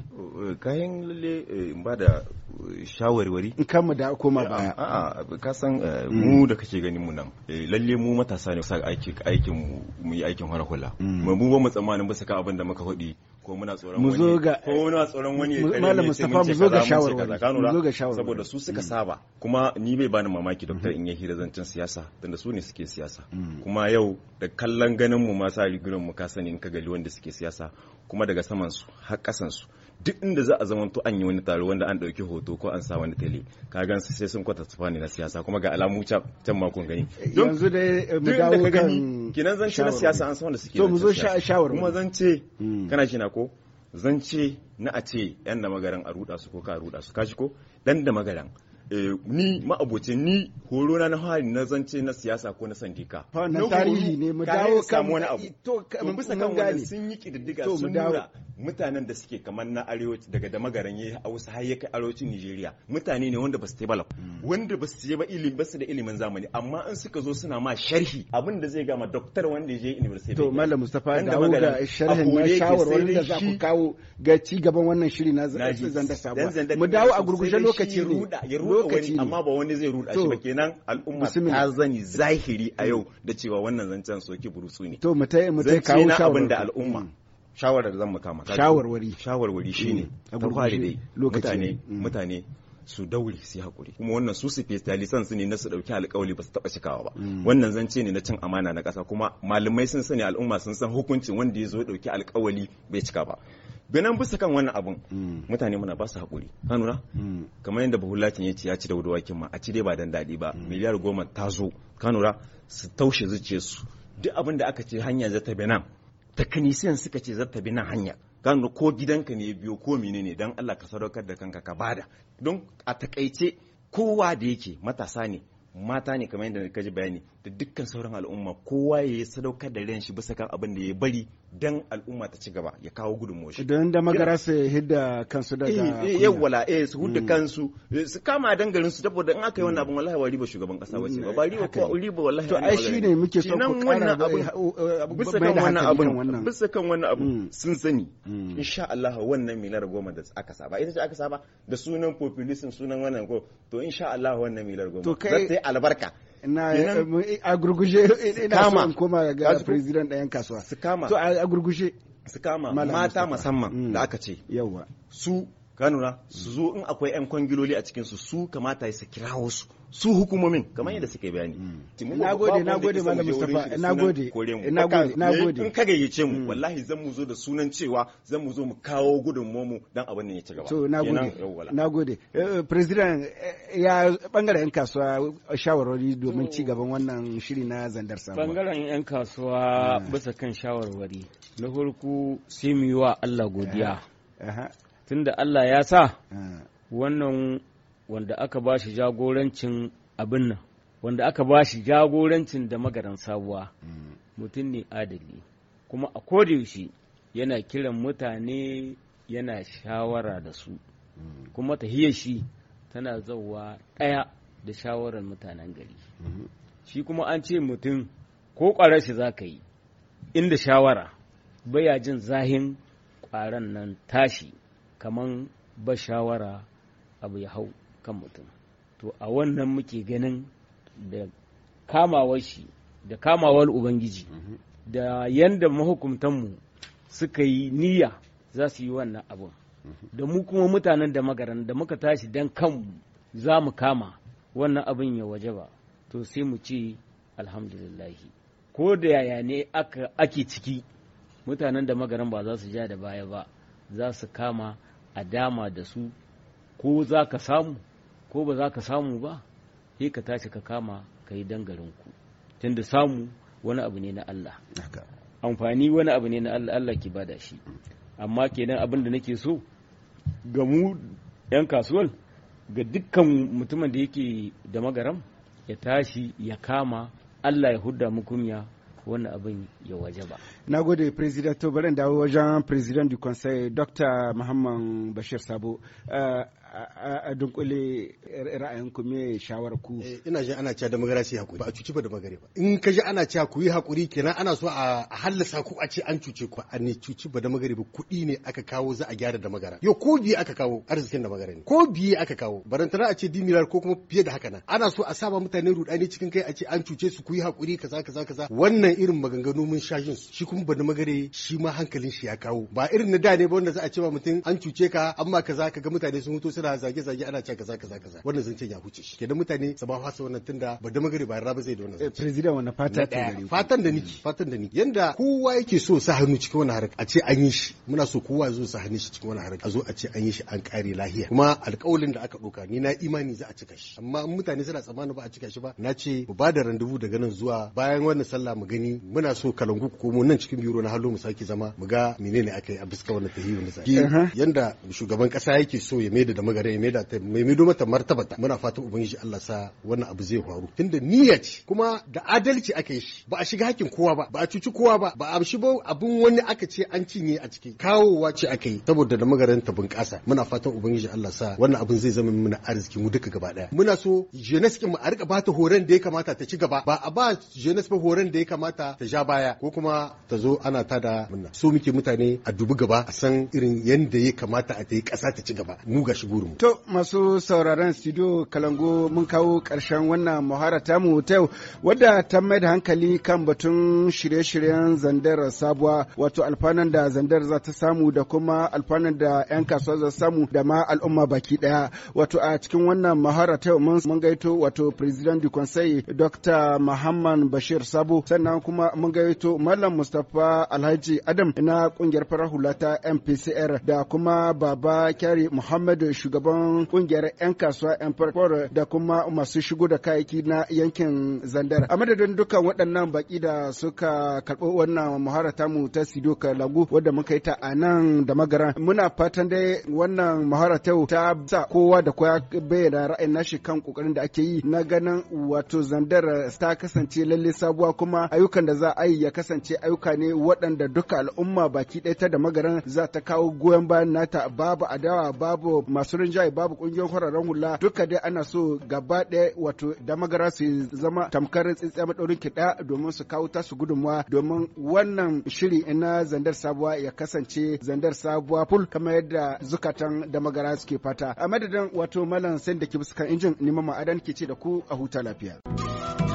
kayan lalle eh, ba da eh, shawarwari in kan mu da koma baya a ka san eh, mm. mu da kake ganin mu nan lalle mu matasa ne sa aiki aikin mu mu yi aikin hula mm. mu mu ba mu tsammanin ba saka abin da muka faɗi ko muna tsoron wani ko muna tsoron wani malam mustafa mu zo ga shawarwari mu zo ga shawarwari saboda su suka mm. saba kuma ni bai bani mamaki doktor in ya hira zancen siyasa tunda su ne suke siyasa kuma yau da kallon ganin mu ma sa rigunan mu ka sani in ka gali wanda suke siyasa kuma daga samansu har kasansu duk inda za a zamanto an yi wani taro wanda an ɗauki hoto ko an sa wani tele ka gan su sai sun kwata tufa ne na siyasa kuma ga alamu can makon gani yanzu da eh, mu dawo kan kinan zance na siyasa an san wanda suke so mu zo shawar kuma zance hmm. kana shi na ko zance na a ce yan da magaran a ruda su ko ka ruda su kashi ko dan da magaran Eh, ni ma'abuce ni horo na hali na zance na siyasa ko na sandika. Na tarihi ne mu dawo kan wani abu. To bisa kan wani sun yi kididdiga sun nuna mutanen da suke kamar na arewaci daga da magaran ya hausa har ya kai arewacin Nijeriya mutane ne wanda ba su balab mm. wanda ba su je ba ilimi ba su da ilimin zamani amma an suka zo suna ma sharhi abin da zai gama doktor wanda je university. To Malam Mustapha dawo ga sharhin na shawarwarin da za ku kawo ga ci gaban wannan shiri na zanda sabuwa. Mu dawo a gurgushe lokaci ne. lokaci amma ba wani zai rudashi ba kenan al'umma ta zani zahiri a yau da cewa wannan zancen soke burusu ne to mu tai mu tai kawo shawarar da al'umma shawarar zan muka maka shawarwari shawarwari shine ta mm. fari dai mutane mm. mutane su daure su hakuri kuma wannan su specialisan su ne na su dauki alƙawari ba su taba cikawa ba mm. wannan zance ne na cin amana na ƙasa kuma malamai sun sani al'umma sun san hukuncin wanda ya zo dauki alƙawari bai cika ba binan bisa kan wannan abun mm. mutane muna ba su haƙuri ka nura mm. kamar yadda bahulacin ya ce ya ci da wadawakin ma a ci dai ba dan daɗi ba mm. miliyar goma ta zo ka nura su taushe su duk abin da aka ce hanya zata Ta takanisiyan suka ce zata benin hanya gano ko gidanka ne biyo ko ne dan Allah ka sadaukar da kanka ka bada don a takaice kowa da yake matasa ne mata ne kamar yadda ka ji bayani da dukkan sauran al'umma kowa ya yi sadaukar da ran shi bisa kan abin da ya bari dan al'umma ta ci gaba ya kawo gudunmuwa shi don da magara su hidda kansu daga eh, eh, yawwala eh su hudda mm. kansu eh, su kama garin su saboda in aka yi wannan mm. abin wallahi wa riba shugaban kasa wace ba mm, ba riba ko riba wallahi to ai shine muke so ku abin bisa kan wannan abin bisa kan wannan abin sun sani insha Allah wannan milar goma da aka saba ita ce aka saba da sunan populism sunan wannan ko to insha Allah wannan milar goma zai albarka na eh, eh, a gurgushe eh, ina so in koma ga president ɗayan kasuwa su kama to a gurgushe su kama mata musamman mm. da aka ce yawa su kanuna su zo in akwai 'yan kwangiloli a cikin su su kamata su kira su su hukumomin kamar yadda suka bayani mm. na gode na gode malam mustafa na gode na gode na gode in ka gayyace mu mm. wallahi zan mu zo da sunan cewa zan mu zo mu kawo gudun momo dan abin nan ya ci gaba to na gode na gode eh, eh, president eh, ya bangaren yan kasuwa shawarwari domin ci gaban wannan shiri na zandar samu bangaren yan kasuwa mm. bisa kan shawarwari na farko sai mu yi wa Allah godiya tunda Allah ya sa ah. wannan wanda aka ba shi jagorancin abin nan wanda aka ba shi jagorancin da magaran sabuwa hmm. mutum ne adali kuma a yaushe yana kiran mutane yana shawara da su hmm. kuma tahiyar shi tana zauwa ɗaya da shawarar mutanen gari hmm. shi kuma an ce mutum ko ƙwarar shi za ka yi inda shawara baya jin zahin ƙwaran nan tashi kaman ba shawara abu ya hau kan mutum to a wannan muke ganin da kamawar shi da kamawar ubangiji mhm. da yadda mahukuntanmu suka yi niyya za su yi wannan abun mhm. da mu kuma mutanen da magaran da muka tashi don kanmu za mu kama wannan abin ya waje ba to sai mu ce alhamdulillahi ko da yaya ne ake ciki mutanen da magaran ba za su ja da baya ba za su kama a dama da su ko za ka samu ko ba za ka samu ba sai ka tashi ka kama ka yi dangarinku tunda samu wani abu ne na Allah amfani wani abu ne na Allah Allah ke bada shi amma kenan abin da nake so ga mu 'yan kasuwar ga dukkan mutumin da yake da magaram ya tashi ya kama Allah ya hudda mu kunya wannan abin ya waje ba. Na gode President bari dawo wajen President du Conseil Dr. Muhammad Bashir Sabo. Uh, a dunkule ra'ayin ku me shawar ku eh, ina jin ana cewa demokarasi hakuri ba a cuci ba da magare ba in ka ji ana cewa ku yi hakuri kenan ana so a hallasa ku a ce an cuce ku a ne cuci ba da magare ba kuɗi ne aka kawo za a gyara da magara yo ko biye aka kawo arzikin da magare ne ko biye aka kawo barantana a ce dimirar ko kuma fiye da haka nan ana so a saba mutane rudani cikin kai a ce an cuce su ku yi hakuri kaza kaza kaza wannan irin maganganu mun sha jin su shi kuma ba da magare shi ma hankalin shi ya kawo ba irin na da ne ba wanda za a ce ba mutum an cuce ka amma kaza ka ga mutane sun mutu suna zage-zage ana cewa kaza kaza kaza wannan zancen ya huce shi kenan mutane su ba fasa wannan tunda ba da magari ba raba zai da wannan zancen eh, president wannan fata ta gare fatan da niki fatan da niki yanda kowa yake so sa hannu cikin wannan harka a ce an yi shi muna so kowa zo sa hannu shi cikin wannan harka a zo a ce an yi shi an kare lahiya kuma alƙawarin da aka ɗauka ni na imani za a cika shi amma mutane suna tsammanin ba a cika shi ba na ce mu ba da randevu daga nan zuwa bayan wannan sallah mu gani muna so kalangu ku komo nan cikin biro na hallo mu sake zama mu ga menene aka yi a biska wannan tahiyyar da yanda shugaban kasa yake so ya mai da gare ya da ta mai mido mata martabata muna fatan ubangiji Allah sa wannan abu zai faru tunda niyya ce kuma da adalci ake shi ba a shiga hakkin kowa ba ba a cuci kowa ba ba a shi ba abun wani aka ce an cinye a ciki kawowa ce aka yi saboda da magaran ta bunƙasa muna fatan ubangiji Allah sa wannan abun zai zama mana arziki mu duka gaba daya muna so jeunesse mu a rika bata horon da ya kamata ta ci gaba ba a ba jenes ba horon da ya kamata ta ja baya ko kuma ta zo ana tada munna so muke mutane a dubi gaba a san irin yanda ya kamata a ta yi ƙasa ta ci gaba mu ga shi guru Kano. To masu sauraron studio Kalango mun kawo ƙarshen wannan muhara ta ta yau wadda ta mai da hankali kan batun shirye-shiryen zandar sabuwa wato alfanan da zandar za ta samu da kuma alfanan da 'yan kasuwa za samu da ma al'umma baki daya wato a cikin wannan muhara ta yau mun gaito wato president du conseil Dr. Muhammad Bashir Sabo sannan kuma mun gaito Malam Mustapha Alhaji Adam na kungiyar farar hula ta MPCR da kuma Baba Kyari Muhammad Shugaba shugaban kungiyar 'yan kasuwa 'yan farko da kuma masu shigo da kayayyaki na yankin zandar a madadin dukkan waɗannan baki da suka karɓo wannan muharata mu ta sido lagu wadda muka yi ta a nan da magaran muna fatan dai wannan muhara ta sa kowa da kowa bayyana ra'ayin nashi kan kokarin da ake yi na ganin wato zandar ta kasance lalle sabuwa kuma ayyukan da za a yi ya kasance ayyuka ne waɗanda duka al'umma baki ɗaya ta da magaran za ta kawo goyon bayan nata babu adawa babu masu masu rinjaye babu kungiyar kwararren hula duka dai ana so gaba ɗaya wato damagara su zama tamkar tsintsiya maɗaurin kiɗa domin su kawo tasu gudunmawa domin wannan shiri na zandar sabuwa ya kasance zandar sabuwa ful kamar yadda zukatan damagara suke fata a madadin wato malam sanda kibiskan injin neman ma'adan ke ce da ku a huta lafiya.